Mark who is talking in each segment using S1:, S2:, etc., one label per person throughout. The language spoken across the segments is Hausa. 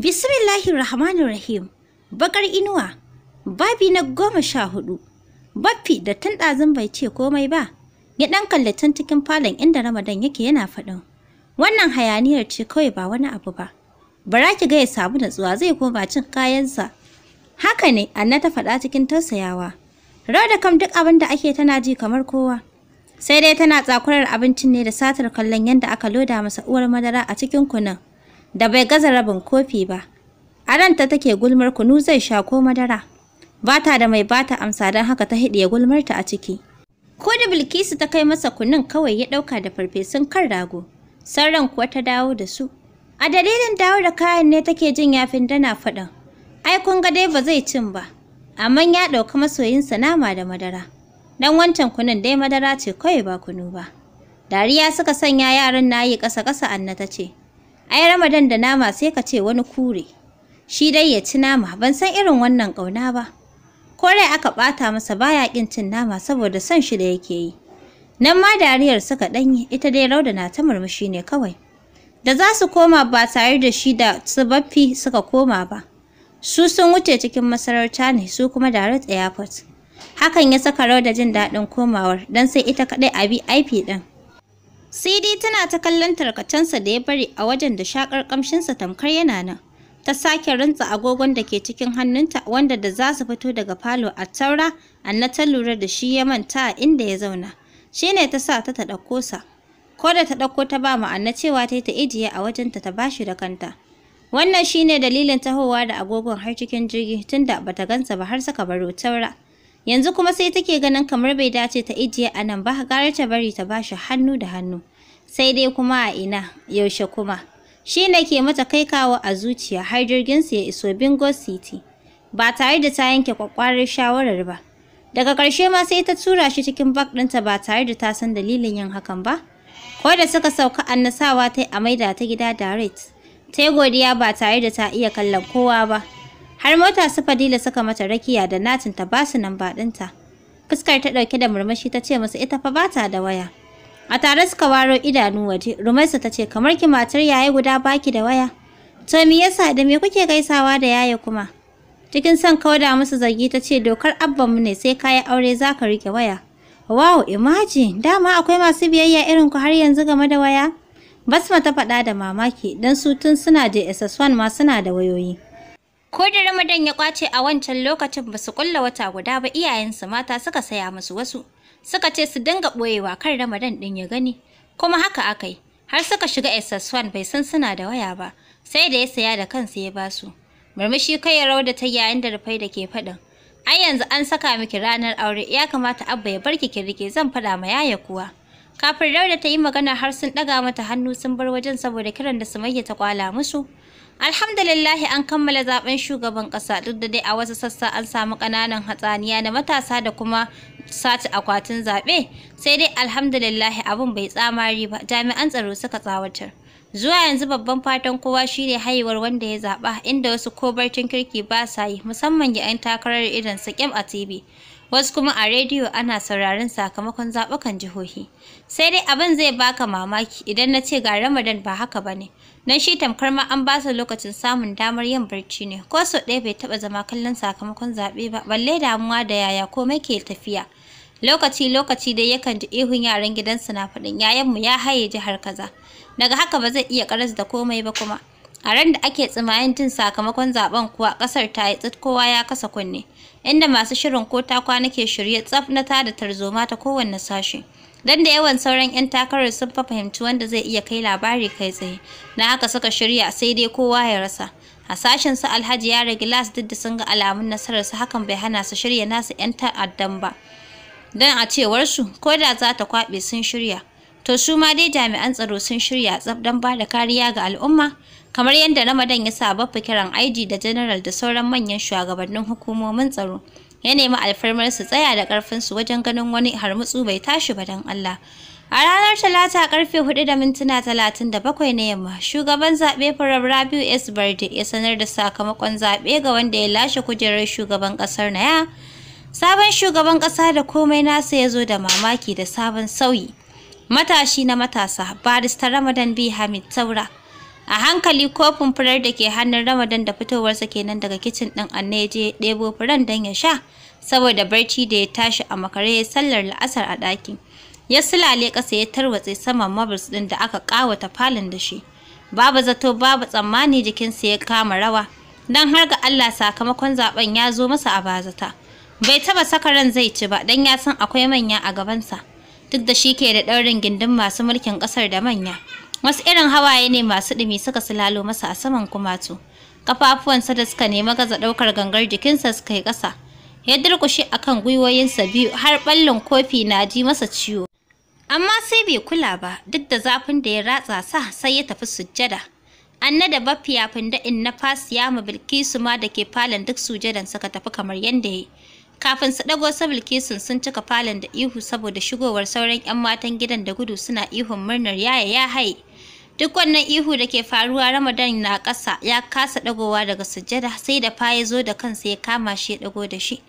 S1: Bismillahir Rahmanir Rahim, Bakar Inuwa, babi na goma sha hudu. Baffi da tun ɗazun bai ce komai ba, ya ɗan kalli tun cikin falon inda Ramadan yake yana faɗin. Wannan hayaniyar ce kawai ba wani abu ba. Bara ki ga ya samu natsuwa zai koma cin kayansa. Haka ne, Anna ta faɗa cikin tausayawa. Rauda kam duk abin da ake tana ji kamar kowa. Sai dai tana tsakurar abincin ne da satar kallon yadda aka loda masa uwar madara a cikin kunan. da bai gaza rabin kofi ba. A ranta take gulmar kunu zai sha ko madara. Bata da mai bata amsa don haka ta gulmar gulmarta a ciki. Ko da Bilkisu ta kai masa kunun kawai ya ɗauka da farfesun kan rago, sauran kuwa ta dawo da su. A dalilin dawo da kayan ne take jin yafin dana faɗin. Ai kun ga dai ba zai cin ba, amma ya ɗauka masoyinsa nama da madara. Dan wancan kunun dai madara ce kawai ba kunu ba. Dariya suka sanya yaran nayi ƙasa-ƙasa Anna ta ce, ai ramadan da nama sai ka ce wani kure shi dai ya ci nama ban san irin wannan ƙauna ba ko rai aka ɓata masa baya ƙin cin nama saboda son shi da yake yi nan ma dariyar suka danye ita dai rauda na ta murmushi ne kawai da za su koma ba tare da shi da su suka koma ba su sun wuce cikin masarauta ne su kuma da direct airport hakan ya saka rauda jin daɗin komawar don sai ita kaɗai a bi ɗin sai dai tana ta kallon tarkacensa da ya bari a wajen da shakar kamshinsa tamkar yana nan ta sake rantsa agogon da ke cikin hannunta wanda da za su fito daga falo a taura anna ta lura da shi ya manta a inda ya zauna shi ne ta sa ta ɗauko sa ko da ta ɗauko ta ba ma'ana cewa ta yi ta ijiye a wajenta ta bashi da kanta wannan shi ne dalilin tahowa da agogon har cikin jirgi tunda ta gansa ba har saka baro taura Yanzu kuma sai take ganin kamar bai dace ta ijiye a nan ba, gara ta bari ta bashi hannu da hannu. Sai dai kuma a ina, yaushe kuma. Shi ne ke mata kai kawo a zuciya har jirgin su ya iso Bingo City, ba tare da ta yanke kwakwarar shawarar ba. Daga ƙarshe ma sai ta tura shi cikin bak ɗinta ba tare da ta san dalilin yin hakan ba. Ko da suka sauka annasawa ta yi a maida ta gida direct, ta yi godiya ba tare da ta iya kallon kowa ba. har mota su fadila suka mata rakiya da natin ta basu nan baɗinta fuskar ta ɗauke da murmushi ta ce musu ita fa ba ta da waya a tare suka waro idanu waje rumaisa ta ce kamar ki matar yaya guda baki da waya to me yasa da me kuke gaisawa da yaya kuma cikin son kauda musu zargi ta ce dokar mu ne sai kayi aure za ka riƙe waya wow imagine dama akwai masu biyayya irin ku har yanzu game da waya basma ta faɗa da mamaki don su tun suna da ss 1 ma suna da wayoyi Ko da Ramadan ya kwace a wancan lokacin ba su kulla wata guda ba iyayensu mata suka saya musu wasu. Suka ce su dinga ɓoyewa kan Ramadan ɗin ya gani. Kuma haka aka yi. Har suka shiga SS1 bai san suna da waya ba. Sai da ya saya da kansa ya ba su. Murmushi kai ya da ta yayin da rufai da ke faɗin. Ai yanzu an saka miki ranar aure ya kamata abba ya barki ki rike zan faɗa ma yaya kuwa. Kafin Rauda ta yi magana har sun ɗaga mata hannu sun bar wajen saboda kiran da Sumayya ta kwala musu. Alhamdulillah an kammala zaben shugaban ƙasa duk da dai a wasu sassa an samu ƙananan hatsaniya na matasa da kuma sace akwatin zaɓe sai dai alhamdulillah abun bai tsamari ba jami'an tsaro suka tsawatar. Zuwa yanzu babban fatan kowa shine haihuwar wanda ya zaɓa inda wasu ko kirki ba sa yi musamman ga 'yan takarar irin su Kim a TV. wasu kuma a rediyo ana sauraron sakamakon zaɓukan jihohi. Sai dai abin zai baka mamaki idan na ce ga Ramadan ba haka ba ne, don shi tamkar ma an ba lokacin samun damar yin barci ne, ko sau ɗaya bai taɓa zama kallon sakamakon zaɓe ba, balle damuwa da yaya komai ke tafiya. Lokaci-lokaci dai yakan ji ihun yaran gidansu na faɗin yayanmu ya haye jihar kaza, daga haka ba zai iya karas da komai ba kuma. A ran da ake tsimayin jin sakamakon zaben kuwa kasar ta yi tsit kowa ya kasa kunne, inda masu shirin ko ta kwana ke shirye tsaf na tada tarzoma ta kowanne sashe. Dan da yawan sauran 'yan takarar sun fa fahimci wanda zai iya kai labari kai tsaye, na haka suka shirya sai dai kowa ya rasa. A sashen su Alhaji ya rage las duk da sun ga alamun nasarar su hakan bai hana su shirya nasu 'yan ta'addan ba. Dan a cewar su, ko da za ta kwaɓe sun shirya, to su ma dai jami'an tsaro sun shirya tsaf don ba da kariya ga al'umma. kamar yadda Ramadan ya saba kiran IG da General da sauran manyan shugabannin hukumomin tsaro. Ya nemi alfarmar su tsaya da su wajen ganin wani harmutsu bai tashi ba dan Allah. A ranar Talata karfe 4 da mintuna 37 na yamma, shugaban zaɓe Farab Rabiu S. Barde ya sanar da sakamakon zaɓe ga wanda ya lashe kujerar shugaban ƙasar Naya. Sabon shugaban ƙasa da komai nasa ya zo da mamaki da sabon sauyi. Matashi na matasa, Barista Ramadan B. Hamid Taura. a hankali kofin furar da ke hannun ramadan da fitowarsa kenan daga kicin ɗin anna ya je ɗebo furen don ya sha saboda barci da ya tashi a makare ya sallar la'asar a ɗaki. ya sulale ƙasa ya tarwatse saman mabus ɗin da aka ƙawata falon da shi babu zato babu tsammani jikinsa ya kama rawa don har ga Allah sakamakon zaben ya zo masa a bazata bai taba saka ran zai ci ba don ya san akwai manya a gabansa duk da shi ke da ɗaurin gindin masu mulkin ƙasar da manya wasu irin hawaye ne masu ɗumi suka silalo masa a saman kumatu kafafuwansa da suka nemi gaza ɗaukar gangar jikinsa suka yi ƙasa ya durƙushe akan gwiwoyinsa biyu har ɓallin kofi na ji masa ciwo amma sai bai kula ba duk da zafin da ya ratsa sa sai ya tafi sujjada anna da baffiya in na fasiya ma bilkisu ma da ke falon duk sujjadan suka tafi kamar yadda ya yi kafin su ɗago sa bilkisun sun cika falon da ihu saboda shigowar sauran 'yan matan gidan da gudu suna ihun murnar yaya ya haye Duk wannan ihu da ke faruwa Ramadan na ƙasa ya kasa ɗagowa daga sujjada sai da fa ya zo da kansa ya kama shi ya ɗago da shi.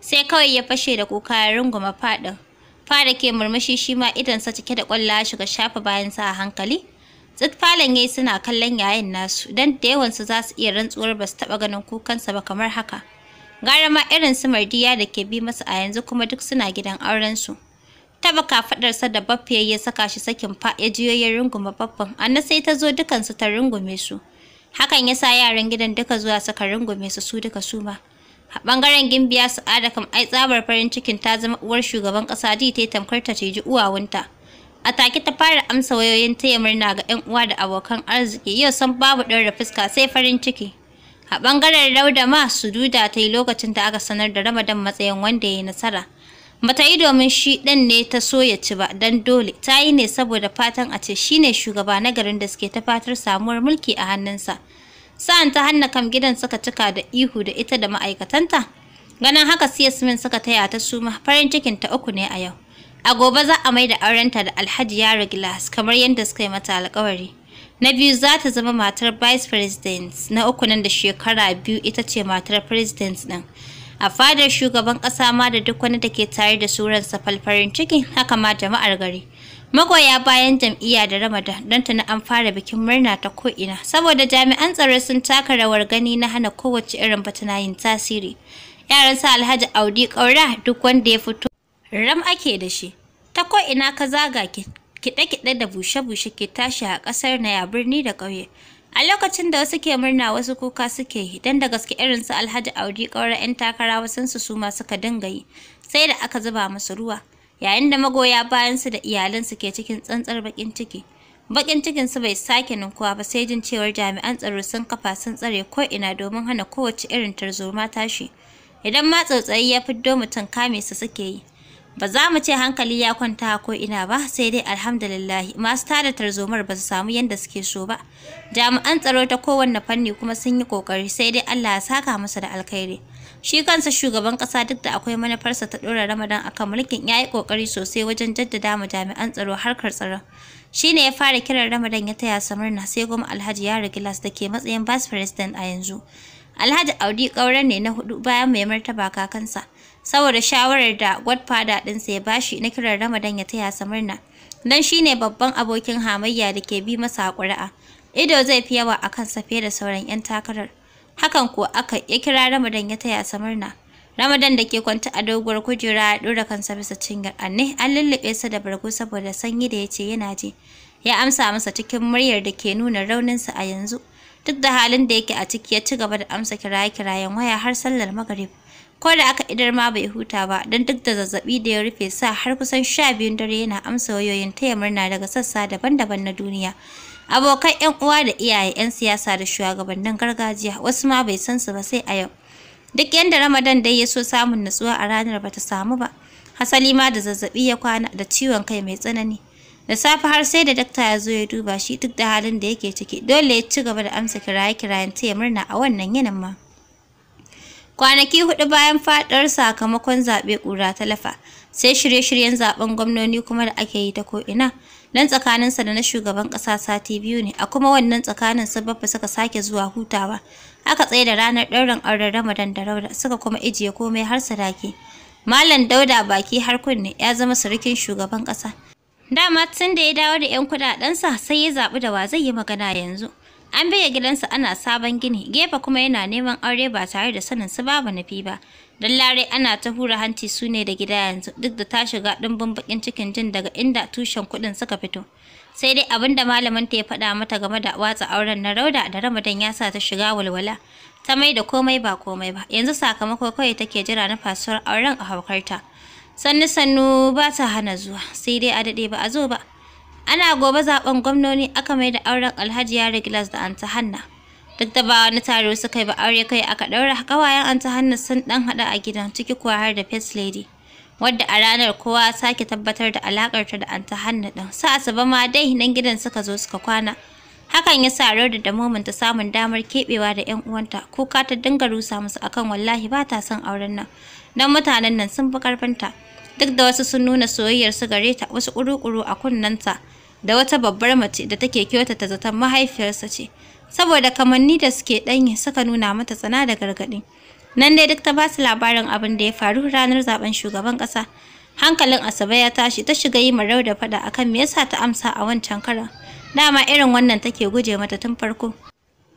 S1: Sai kawai ya fashe da kuka ya runguma faɗin. da ke murmushi shi ma idansa cike da ya shiga shafa bayansa a hankali. ya yayi suna kallon yayin nasu don da yawansu za su iya rantsuwar ba su taɓa ganin kukansa ba kamar haka. Gara ma irin su mardiya da ke bi masa a yanzu kuma duk suna gidan aurensu. taba kafadarsa da baffe ya saka shi sakin fa ya jiyo ya runguma baffan anna sai ta zo dukansu ta rungume su hakan ya sa yaran gidan duka zuwa suka rungume su su duka su ma a bangaren gimbiya su ada kam ai tsabar farin cikin ta zama uwar shugaban kasa ji ta tamkar ta ce ji uwawunta a take ta fara amsa wayoyin taya murna ga yan uwa da abokan arziki yau san babu da fuska sai farin ciki a bangaren rauda ma su duda ta yi lokacin da aka sanar da ramadan matsayin wanda ya yi nasara Bata yi domin shi ɗan ne ta so ya ci ba don dole ta yi ne saboda fatan a ce shine shugaba na garin da suke ta fatar samuwar mulki a hannunsa. Sa'an ta hanna kam gidan suka cika da ihu da ita da ma'aikatanta. Ganin haka siya Min suka taya ta suma farin cikin ta uku ne a yau. A gobe za a mai da aurenta da Alhaji Yaro Glass kamar yadda suka yi mata alkawari Na biyu za ta zama matar Vice President, na uku nan da shekara biyu ita ce matar President ɗin. a fadar shugaban ƙasa ma da duk wani da ke tare da suran safal farin ciki haka ma jama'ar gari magoya bayan jam'iyya da ramada don tana an fara bikin murna ta ko'ina saboda jami'an tsaro sun taka rawar gani na hana kowace irin batuna yin tasiri yaran sa alhaji audi Kaura, duk wanda ya fito ram ake da shi ta ko'ina ka zaga ki kiɗe-kiɗe da bushe-bushe ke tashi a ƙasar na ya birni da ƙauye A lokacin da wasu ke murna wasu kuka suke idan da gaske irin su Alhaji Audi ƙaura 'yan takara wasansu su ma suka dinga yi sai da aka zuba musu ruwa yayin da magoya bayan su da su ke cikin tsantsar baƙin ciki. Baƙin su bai sake ninkuwa ba sai jin cewar jami'an tsaro sun kafa sun tsare ko ina domin hana kowace irin tarzoma tashi. Idan ma tsautsayi ya fiddo mutum kame su suke yi. ba za mu ce hankali ya kwanta ko ina ba sai dai alhamdulillah masu tada tarzomar ba su samu yadda suke so ba jami'an tsaro ta kowanne fanni kuma sun yi kokari sai dai Allah ya saka musu da alkhairi shi kansa shugaban kasa duk da akwai manufarsa ta dora ramadan akan mulkin ya yi kokari sosai wajen jaddada mu jami'an tsaro harkar tsaro shi ne ya fara kiran ramadan ya taya samar murna sai kuma alhaji ya Gilas da ke matsayin vice president a yanzu alhaji audi ƙauren ne na hudu bayan mai martaba kakansa saboda shawarar da godfather ɗinsa ya bashi na kiran Ramadan ya taya sa murna. Dan shi ne babban abokin hamayya da ke bi masa ƙuri'a. Ido zai fi yawa a kansa fiye da sauran 'yan takarar. Hakan ko aka ya kira Ramadan ya taya sa murna. Ramadan da ke kwanta a doguwar kujera ya ɗora kansa bisa cingar anne an lulluɓe sa da bargo saboda sanyi da ya ce yana ji. Ya amsa masa cikin muryar da ke nuna rauninsa a yanzu. Duk da halin da yake a ciki ya ci gaba da amsa kiraye-kirayen waya har sallar magarib. ko da aka idar ma bai huta ba don duk da zazzabi da ya rufe sa har kusan sha biyun dare yana amsa wayoyin taya murna daga sassa daban-daban na duniya abokan 'yan uwa da iyaye 'yan siyasa da shugabannin gargajiya wasu ma bai san su ba sai a yau duk yadda ramadan dai ya so samun natsuwa a ranar bata samu ba hasali ma da zazzabi ya kwana da ciwon kai mai tsanani da safe har sai da dakta ya zo ya duba shi duk da halin da yake ciki dole ya ci gaba da amsa kiraye-kirayen taya murna a wannan yinin ma Kwanaki hudu bayan faɗar sakamakon zaɓe ƙura ta lafa, sai shirye-shiryen zaɓen gwamnoni kuma da ake yi ta ko'ina. tsakanin tsakaninsa da na shugaban ƙasa sati biyu ne, a kuma wannan tsakanin sababba suka sake zuwa hutawa. Aka tsaye da ranar ɗaurin auren Ramadan da Rauda suka kuma ijiye komai har sadaki. Malam Dauda baki har kunne ya zama surukin shugaban ƙasa. Dama tun da ya dawo da 'yan sa sai ya zaɓi da wa zai yi magana yanzu. An biya gidansa ana sabon gini, gefe kuma yana neman aure ba tare da sanin su babu nufi ba. Dallare ana ta hura hanci su ne da gida yanzu duk da ta shiga ɗumbin bakin cikin jin daga inda tushen kuɗin suka fito. Sai dai abinda da ta ya faɗa mata game da watsa auren na Rauda da Ramadan ya sa ta shiga walwala. Ta mai da komai ba komai ba, yanzu sakamakon kawai take jira na fasuwar auren a haukarta. Sannu sannu ba ta hana zuwa, sai dai a daɗe ba a zo ba. Ana gobe zaɓen gwamnoni aka mai da auren Alhaji Yare gilas da Anta Hanna. Duk da ba wani taro suka yi ba aure kai aka ɗaura. kawayen Anta Hanna sun ɗan haɗa a gidan ciki kuwa har da First Lady. Wadda a ranar kowa sake tabbatar da alakarta da Anta Hanna ɗin. Sa Asabe ma dai nan gidan suka zo suka kwana. Hakan ya sa Rauda da Momin ta samun damar keɓewa da 'yan uwanta, kuka ta dinga rusa musu akan wallahi ba ta son auren nan, Dan mutanen nan sun fi ƙarfinta. duk da wasu sun nuna soyayyar su gare ta wasu kuru-kuru a kunnanta da wata babbar mace da take kyautata zaton mahaifiyarsa ce saboda kamanni da suke ɗanye suka nuna mata tsana da gargaɗi nan dai duk ta ba su labarin abin da ya faru ranar zaben shugaban ƙasa hankalin asabe ya tashi ta shiga yi marau da faɗa akan me yasa ta amsa a wancan karan dama irin wannan take guje mata tun farko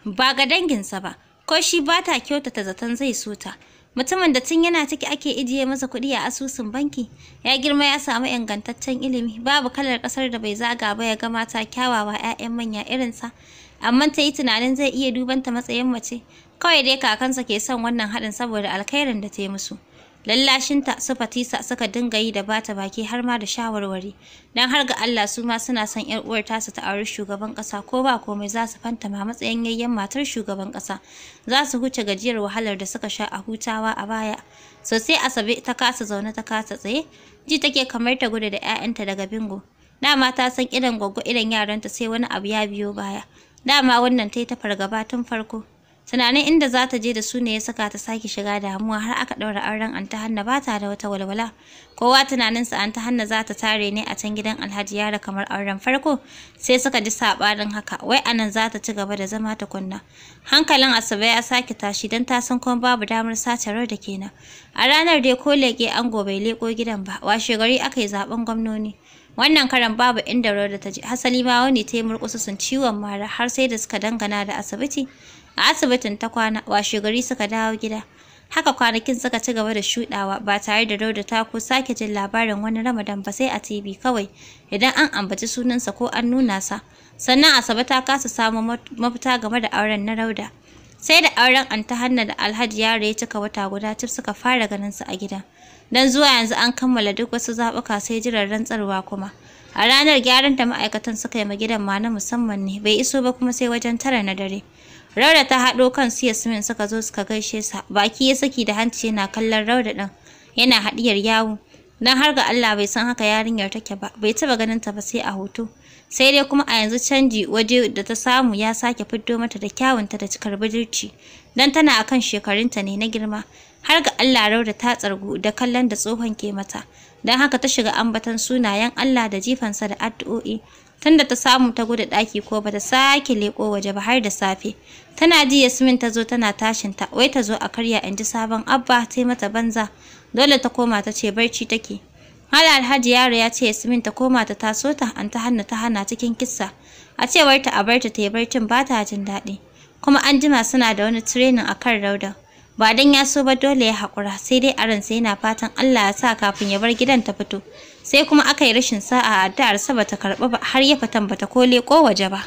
S1: ba ga danginsa ba ko shi ba ta kyautata zaton zai so ta mutumin da tun yana ciki ake ijiye masa kuɗi a asusun banki ya girma ya samu ingantaccen ilimi babu kalar ƙasar da bai zaga ba ya ga mata kyawawa 'ya'yan manya irin sa amma ta yi tunanin zai iya dubanta matsayin mace kawai dai kakansa ke son wannan haɗin saboda alkhairin da ta yi musu lallashinta su Fatisa suka dinga yi da bata baki har ma da shawarwari dan har ga Allah su ma suna son yar uwar tasu ta auri shugaban kasa ko ba komai za su fanta ma matsayin yayyen matar shugaban kasa za su huce gajiyar wahalar da suka sha a hutawa a baya sosai Asabe ta kasa zaune ta kasa tsaye ji take kamar ta gudu da 'ya'yanta daga bingo dama ta san irin gwaggo irin yaranta sai wani abu ya biyo baya dama wannan tai ta fargaba tun farko tunanin inda za ta je da su ne ya saka ta sake shiga damuwa har aka ɗaura auren anta hanna ba ta da wata walwala kowa tunaninsa anta hanna za ta tare ne a can gidan alhaji yara kamar auren farko sai suka ji saɓanin haka wai anan za ta ci gaba da zama ta kunna hankalin asabe ya sake tashi don ta san kuma babu damar sace rar da kenan a ranar dai ko leƙe ango bai leƙo gidan ba washe gari aka yi zaɓen gwamnoni wannan karan babu inda da ta je hasali ma wani ta yi murƙusa sun ciwon mara har sai da suka dangana da asibiti a asibitin ta kwana washe gari suka dawo gida haka kwanakin suka ci gaba da shuɗawa ba tare da Dauda ta ko sake jin labarin wani Ramadan ba sai a TV kawai idan an ambaci sunansa ko an nuna sa sannan Asabe ta kasa samu mafita game da auren na rauda. sai da auren Anta Hanna da Alhaji Yare ya cika wata guda tun suka fara ganin su a gida dan zuwa yanzu an kammala duk wasu zaɓuka sai jiran rantsarwa kuma a ranar gyaran da ma'aikatan suka yi ma gidan ma na musamman ne bai iso ba kuma sai wajen tara na dare Rauda ta haɗo kan su Yasmin suka zo suka gaishe sa. Baki ya saki da hanci yana kallon Rauda ɗin. Yana haɗiyar yawo. Dan har ga Allah bai san haka yarinyar take ba. Bai taɓa ganin ta ba sai a hoto. Sai dai kuma a yanzu canji waje da ta samu ya sake fiddo mata da kyawunta da cikar budurci. Dan tana akan shekarunta ne na girma. Har ga Allah Rauda ta tsargu da kallon da tsohon ke mata. Dan haka ta shiga ambatan sunayen Allah da jifansa da addu'o'i. tunda ta samu ta gudu ɗaki ko bata sake leko waje ba har da safe tana ji Yasmin ta zo tana tashin ta wai ta zo a karya inji sabon abba sai mata banza dole ta koma ta ce barci take Hal Alhaji yaro ya ce Yasmin ta koma ta taso ta an ta hanna ta hana cikin kissa a cewar ta a barta ta yi barcin ba ta jin daɗi kuma an jima suna da wani training kan rauda ba dan ya so ba dole ya hakura sai dai aran sai yana fatan Allah ya sa kafin ya bar gidan ta fito sai kuma aka yi rashin sa'a a addu'ar sa ta karɓa ba har ya fatan bata ko waje ba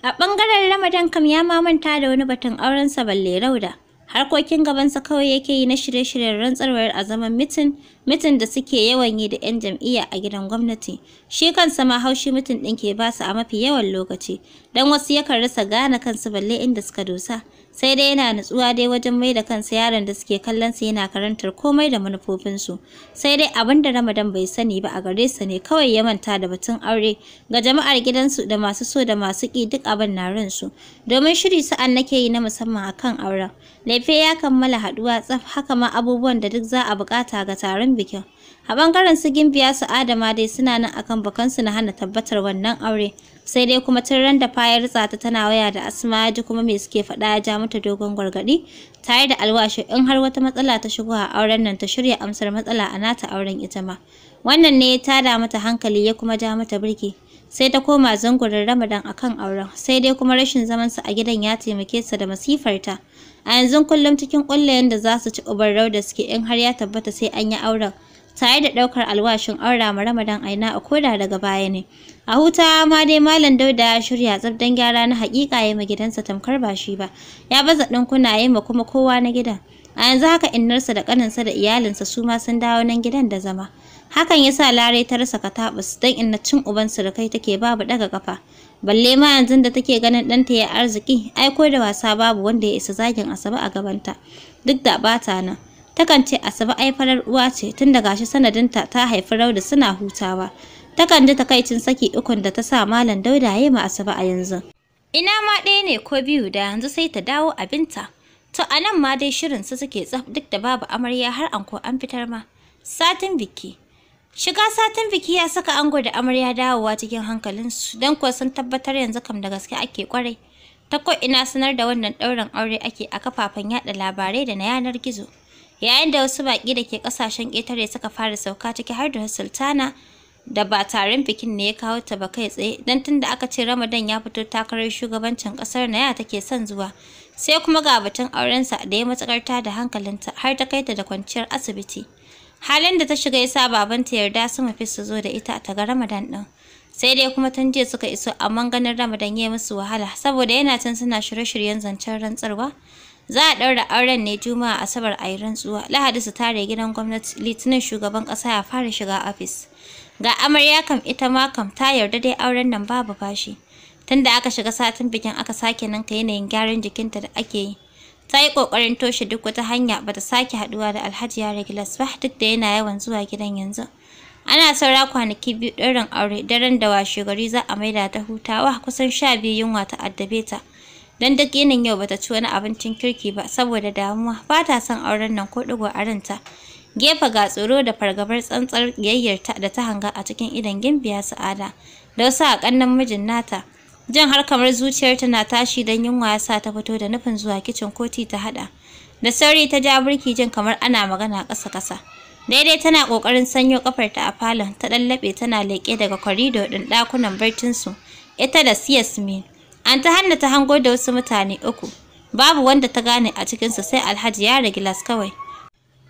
S1: a ɓangaren ramadan kam ya manta da wani batun aurensa sa balle rauda harkokin gabansa kawai yake yi na shirye-shiryen rantsarwar a zaman mitin mitin da suke yawan yi da 'yan jam'iyya a gidan gwamnati shi kansa ma haushi mitin ɗin ke basu a mafi yawan lokaci don wasu yakan rasa gane kansu balle inda suka dosa sai dai yana nutsuwa dai wajen mai da kansa yaron da suke kallon sa yana karantar komai da manufofinsu sai dai abin da Ramadan bai sani ba a gare sa ne kawai ya manta da batun aure ga jama'ar gidansu da masu so da masu ƙi duk abin na ransu domin shiri sa'an nake yi na musamman akan auren lefe ya kammala haduwa tsaf haka ma abubuwan da duk za a bukata ga taron bikin A ɓangaren su Gimbiya su Adama dai suna nan akan bakansu na hana tabbatar wannan aure. Sai dai kuma tun ran da fayar tsata tana waya da Asma ji kuma me suke faɗa ya ja mata dogon gargaɗi tare da alwashi in har wata matsala ta shigo a auren nan ta shirya amsar matsala a nata auren ita ma. Wannan ne ya tada mata hankali ya kuma ja mata birki. sai ta koma zangurin Ramadan akan auren sai dai kuma rashin zaman su a gidan ya taimake sa da masifarta a yanzu kullum cikin kullayen da za su ci ubar da suke in har ya tabbata sai an yi auren tare da ɗaukar alwashin aura ma Ramadan Aina a koda daga baya ne. A huta ma dai Malam Dauda ya shirya tsabdan gyara na haƙiƙa ya ma gidansa tamkar ba shi ba. Ya baza ɗinkuna ya ma kuma kowa na gidan. A yanzu haka innarsa da sa da iyalinsa su ma sun dawo nan gidan da zama. Hakan ya sa Lare ta rasa kataɓus don inna cin uban surukai take babu ɗaga kafa. Balle ma yanzu da take ganin ɗanta ya arziki, ai ko da wasa babu wanda ya isa zagin Asabe a gabanta. Duk da bata nan. Takan ce Asabe ai farar uwa ce tun da gashi sanadinta ta haifi Rauda suna hutawa. Takan ji takaicin saki ukun da ta sa Malam Dauda ya ma Asabe a yanzu. Ina ma ɗaya ne ko biyu da yanzu sai ta dawo abinta. To a nan ma dai shirin su suke tsaf duk da babu amarya har an ko an fitar ma. Satin biki. Shiga satin biki ya saka ango da amarya dawowa cikin hankalinsu don kuwa sun tabbatar yanzu kam da gaske ake kwarai. Ta ko ina sanar da wannan ɗaurin aure ake a kafafen yaɗa labarai da na yanar gizo. yayin da wasu baƙi da ke ƙasashen ƙetare suka fara sauka ciki har da sultana da ba taron bikin ne ya kawo ta ba kai tsaye don tun da aka ce ramadan ya fito takarar shugabancin ƙasar na ya take son zuwa sai kuma ga batun aurensa da ya matsakar ta da hankalinta har ta kai ta da kwanciyar asibiti halin da ta shiga ya sa babanta yarda su mafi su zo da ita ta ga ramadan ɗin sai dai kuma tun jiya suka iso amma ganin ramadan ya musu wahala saboda yana can suna shirye-shiryen zancen rantsarwa Za a ɗaura auren ne Juma'a Asabar a yi rantsuwa. Lahadi su tare gidan gwamnati, Litinin shugaban ƙasa ya fara shiga ofis. Ga amarya kam ita ma kam ta yarda dai auren nan babu fashi. Tunda aka shiga satin bikin aka sake ninka yanayin gyaran jikinta da ake yi. ta yi ƙoƙarin toshe duk wata hanya ba ta sake haɗuwa da alhaji ya regulas ba duk da yana yawan zuwa gidan yanzu ana saura kwanaki biyu ɗaurin aure daren da washegari za a maida ta hutawa kusan sha biyu yunwa ta addabe ta don duk yinin yau bata ci wani abincin kirki ba saboda damuwa ba ta son auren nan ko ɗigo a ranta gefe ga tsoro da fargabar tsantsar ƙiyayyarta da ta hanga a cikin idon gimbiya sa'ada da wasu a ƙannan mijin nata Jin har kamar zuciyar na tashi don yin ya sa ta fito da nufin zuwa kicin koti ta haɗa. Da sauri ta ja burki jin kamar ana magana ƙasa-ƙasa. Daidai tana ƙoƙarin sanyo ƙafarta a falon ta ɗallaɓe tana leƙe daga kwarido ɗin ɗakunan su. Ita da Siyasmin An ta hanna ta hango da wasu mutane uku. Babu wanda ta gane a cikinsu sai Alhaji ya rage las kawai.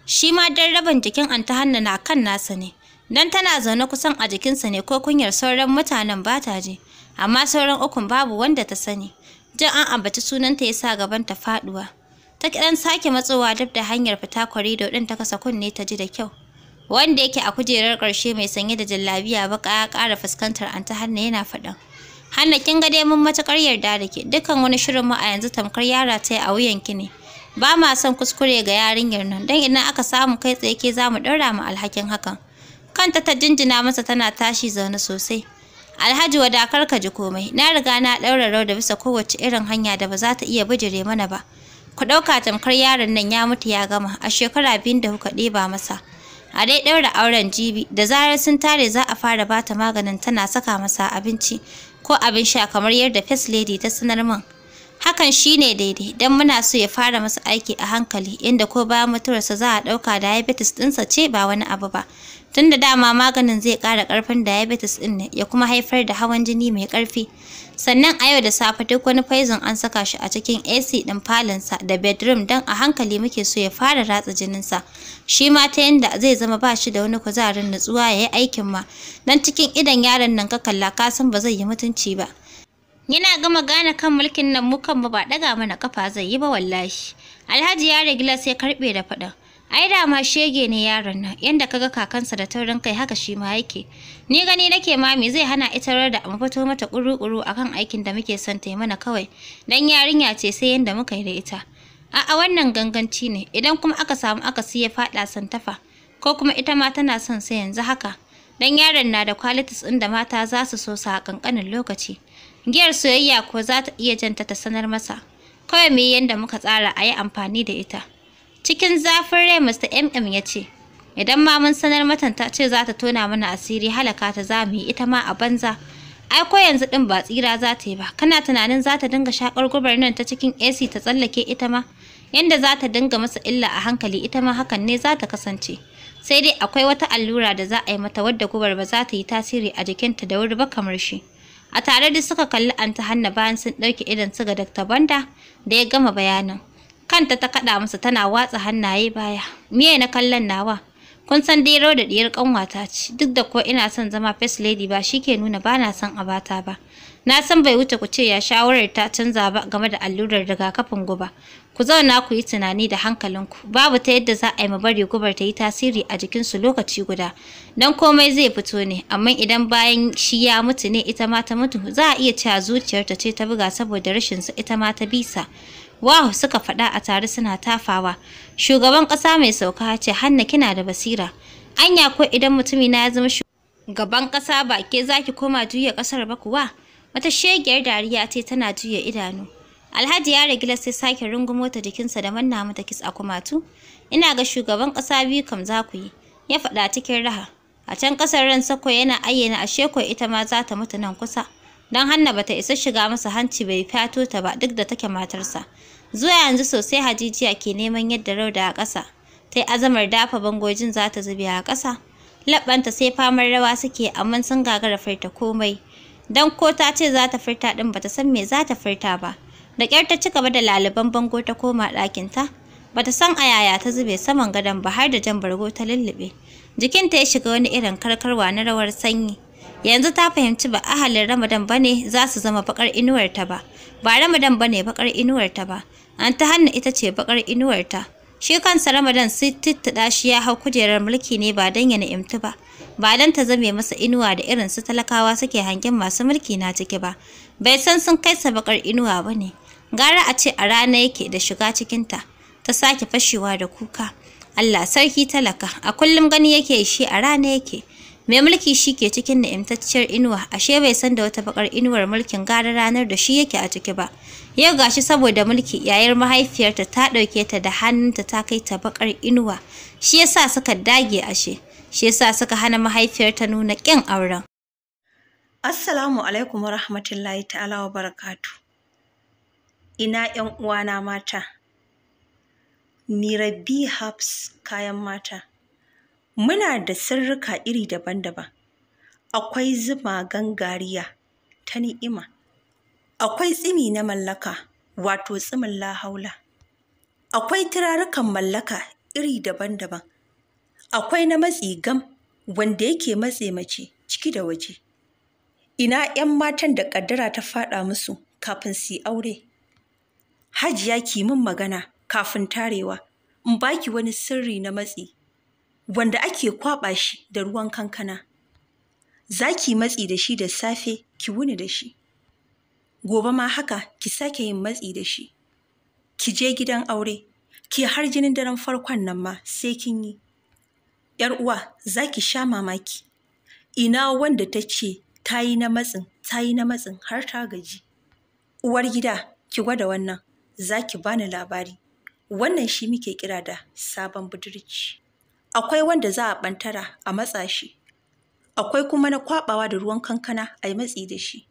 S1: Shi ma dan rabin jikin an ta hanna na kan nasa ne. Dan tana zaune kusan a jikinsa ne ko kunyar sauran mutanen ba ta ji. Amma sauran ukun babu wanda ta sani. Jin an ambaci sunanta ya sa ta faduwa. Ta kidan sake matsowa dab da hanyar fita kwarido din ta kasa kunne ta ji da kyau. Wanda yake a kujerar ƙarshe mai sanye da jallabiya baka ya ƙara fuskantar an ta hanna yana faɗan. Hanna kin ga dai mun matakar yarda da ke dukkan wani shirin mu a yanzu tamkar yara ta a wuyan ki ne. Ba ma son kuskure ga yarinyar nan dan idan aka samu kai tsaye ke zamu ɗaura mu alhakin hakan. Kanta ta jinjina masa tana tashi zaune sosai. Alhaji wadakar ka ji komai. Na riga na ɗaura rau da bisa kowace irin hanya da ba za ta iya bijire mana ba. Ku ɗauka tamkar yaron nan ya mutu ya gama a shekara biyun da kuka ɗeba masa. a dai ɗaura auren jibi da zarar sun tare za a fara bata maganin tana saka masa abinci ko abin sha kamar yadda first lady ta sanar min hakan shine daidai don muna so ya fara masa aiki a hankali inda ko bayan mutuwarsa za a ɗauka diabetes ɗinsa ce ba wani abu ba tun da dama maganin zai kara karfin diabetes ɗin ne ya kuma haifar da hawan jini mai karfi sannan a yau da safe duk wani poison an saka shi a cikin AC ɗin sa da bedroom don a hankali muke so ya fara ratsa jinin sa shi ma ta yanda zai zama ba shi da wani kuzarin nutsuwa ya yi aikin ma don cikin idan yaron nan ka kalla ka ba zai yi mutunci ba Yana gama gane kan mulkin nan mu kanmu ba ɗaga mana kafa zai yi ba wallahi. Alhaji ya regular sai karɓe da fada. Ai da ma shege ne yaron nan, yanda kaga kakansa da taurin kai haka shi ma yake. Ni gani nake mami zai hana itarar da mu fito mata kuru-kuru akan aikin da muke son ta yi mana kawai. Dan yarinya ce sai yanda muka yi da ita. A'a wannan ganganci ne, idan kuma aka samu aka siya fada faɗa tafa. ko kuma ita ma tana son sai yanzu haka. Dan yaron na da qualities ɗin da mata za su so sa a lokaci. Giyar soyayya ko za ta iya janta ta sanar masa. Kawai mu yi yadda muka tsara a yi amfani da ita. Cikin zafin rai Mr. MM ya ce, Idan ma mun sanar matanta ta ce za ta tona mana asiri halaka ta za mu yi ita ma a banza. Ai ko yanzu ɗin ba tsira za ta yi ba. Kana tunanin za ta dinga shakar gubar nan ta cikin AC ta tsallake ita ma? Yanda za ta dinga masa illa a hankali ita ma hakan ne za ta kasance. Sai dai akwai wata allura da za a yi mata wadda gubar ba za ta yi tasiri a jikinta da wuri ba kamar shi. a tare da suka kalli anta hanna bayan sun ɗauke idan su ga Dr. Banda da ya gama bayanin kanta ta kaɗa musu tana watsa hannaye baya miye na kallon nawa kun san dai da diyar kanwata ce duk da ko ina son zama first lady ba shike nuna bana na son abata ba na san bai wuce ku ce ya shawarar ta canza ba game da allurar rigakafin guba Ku zauna ku yi tunani da hankalinku, babu ta yadda za a yi bari gubar ta yi tasiri a jikinsu lokaci guda. Don komai zai fito ne, amma idan bayan shi ya mutu ne ita ma ta mutu, za a iya cewa zuciyarta ce ta buga saboda rashinsa ita ma ta bisa. Wow, suka faɗa a tare suna tafawa. Shugaban ƙasa mai sauka ce, Hanna kina da basira. Anya ko idan mutumi na ya zama shugaban ƙasa ba ke za koma juya ƙasar ba kuwa? Wata shegiyar dariya ce tana juya idanu. Alhaji ya rigila sai sake rungumo ta jikinsa da manna mata kis a kumatu. Ina ga shugaban ƙasa biyu kam za ku yi, ya faɗa cikin raha. A can ƙasar ran sako yana ayyana a sheko ita ma za ta mutu nan kusa. Don Hanna bata isa shiga masa hanci bai fato ta ba duk da take matarsa. Zuwa yanzu sosai Hajijiya ke neman yadda rauda a ƙasa. Ta azamar dafa bangojin za ta zube a ƙasa. Labbanta sai famar rawa suke amma sun gagara furta komai. dan ko ta ce za ta furta ɗin bata san me za ta furta ba. da ƙyar ta ci gaba da laliban bango ta koma ɗakinta bata san a yaya ta zube saman gadon ba har da jan bargo ta lullube jikinta ya shiga wani irin karkarwa na rawar sanyi yanzu ta fahimci ba ahalin ramadan bane za su zama bakar inuwarta ba ba ramadan bane bakar inuwarta ba an ta hannu ita ce bakar inuwarta shi kansa ramadan sai tittida shi ya hau kujerar mulki ne ba don ya na'imtu ba ba don ta zame masa inuwa da irin su talakawa suke hangen masu mulki na ciki ba bai san sun kai sa bakar inuwa ba ne gara a ce a rana yake da shiga cikinta ta sake fashewa da kuka Allah sarki talaka a kullum gani yake shi a rana yake mai mulki shi ke cikin na'imtacciyar inuwa ashe bai san da wata bakar inuwar mulkin gara ranar da shi yake a ciki ba yau gashi saboda mulki yayar mahaifiyarta ta ɗauke ta da hannunta ta kai ta bakar inuwa shi yasa suka dage ashe shi yasa suka hana mahaifiyarta nuna ƙin auren
S2: assalamu alaikum warahmatullahi ta'ala wa barakatuh ina ‘yan uwana mata ni Rabi Hafs kayan mata muna da sirrika iri daban-daban akwai zuma gangariya ta ni'ima akwai tsimi na mallaka wato tsimin lahaula akwai turarukan mallaka iri daban-daban akwai na matsi gam wanda yake matse mace ciki da waje ina ‘yan matan da ƙaddara ta faɗa musu kafin su yi aure Hajiya ki min magana kafin tarewa, in baki wani sirri na matsi, wanda ake kwaɓa shi da ruwan kankana. Za ki matsi da shi da safe, ki wuni da shi. Gobe ma haka, ki sake yin matsi da shi. Ki je gidan aure, ki har jinin daren farkon nan ma sai kin yi. ‘Yar uwa, za ki sha mamaki. Ina wanda ta ce ta yi na matsin, ta yi na matsin har ta gaji. Uwar gida, ki gwada wannan. za ki bani labari. Wannan shi muke kira da sabon budurci. Akwai wanda za a bantara a matsa shi, akwai kuma na kwaɓawa da ruwan kankana a yi matsi da shi.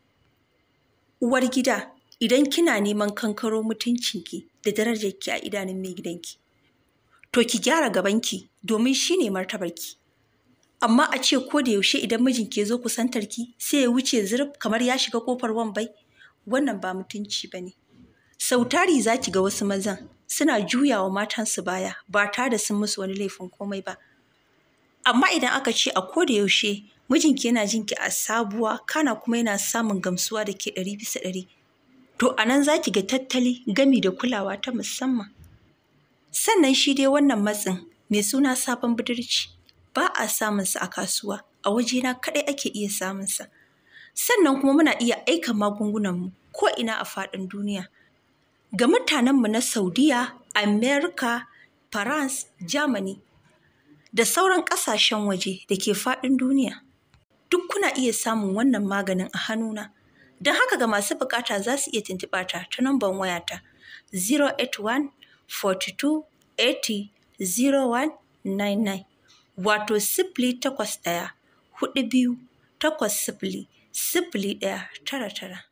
S2: Uwar gida, idan kina neman kankaro mutuncinki da ki a idanun mai gidanki, to ki gyara gabanki domin shi ne ki. Amma a ce ko da yaushe idan mijinki ya zo kusantarki sai ya wuce zurf kamar ya shiga kofar wambai, wannan ba mutunci ba ne. Sautari za ki ga wasu mazan suna juyawa matansu baya ba tare da sun musu wani laifin komai ba. Amma idan aka ce a koda yaushe mijinki yana jin ki a sabuwa kana kuma yana samun gamsuwa da ke ɗari bisa ɗari. To a nan za ki ga tattali gami da kulawa ta musamman. Sannan shi dai wannan matsin mai suna sabon budurci ba a samunsa a kasuwa a wajena kaɗai ake iya samun sa, Sannan kuma muna iya aika magungunanmu ko ina a faɗin duniya. ga mutanenmu na Saudiya, Amerika, Farans, Germany da sauran ƙasashen waje da ke faɗin duniya. Duk kuna iya samun wannan maganin a hannuna. Don haka ga masu bukata za su iya tuntuɓa ta ta namban wayata 081 42 80 0199 wato sifili takwas ɗaya hudu biyu takwas sifili sifili ɗaya tara tara.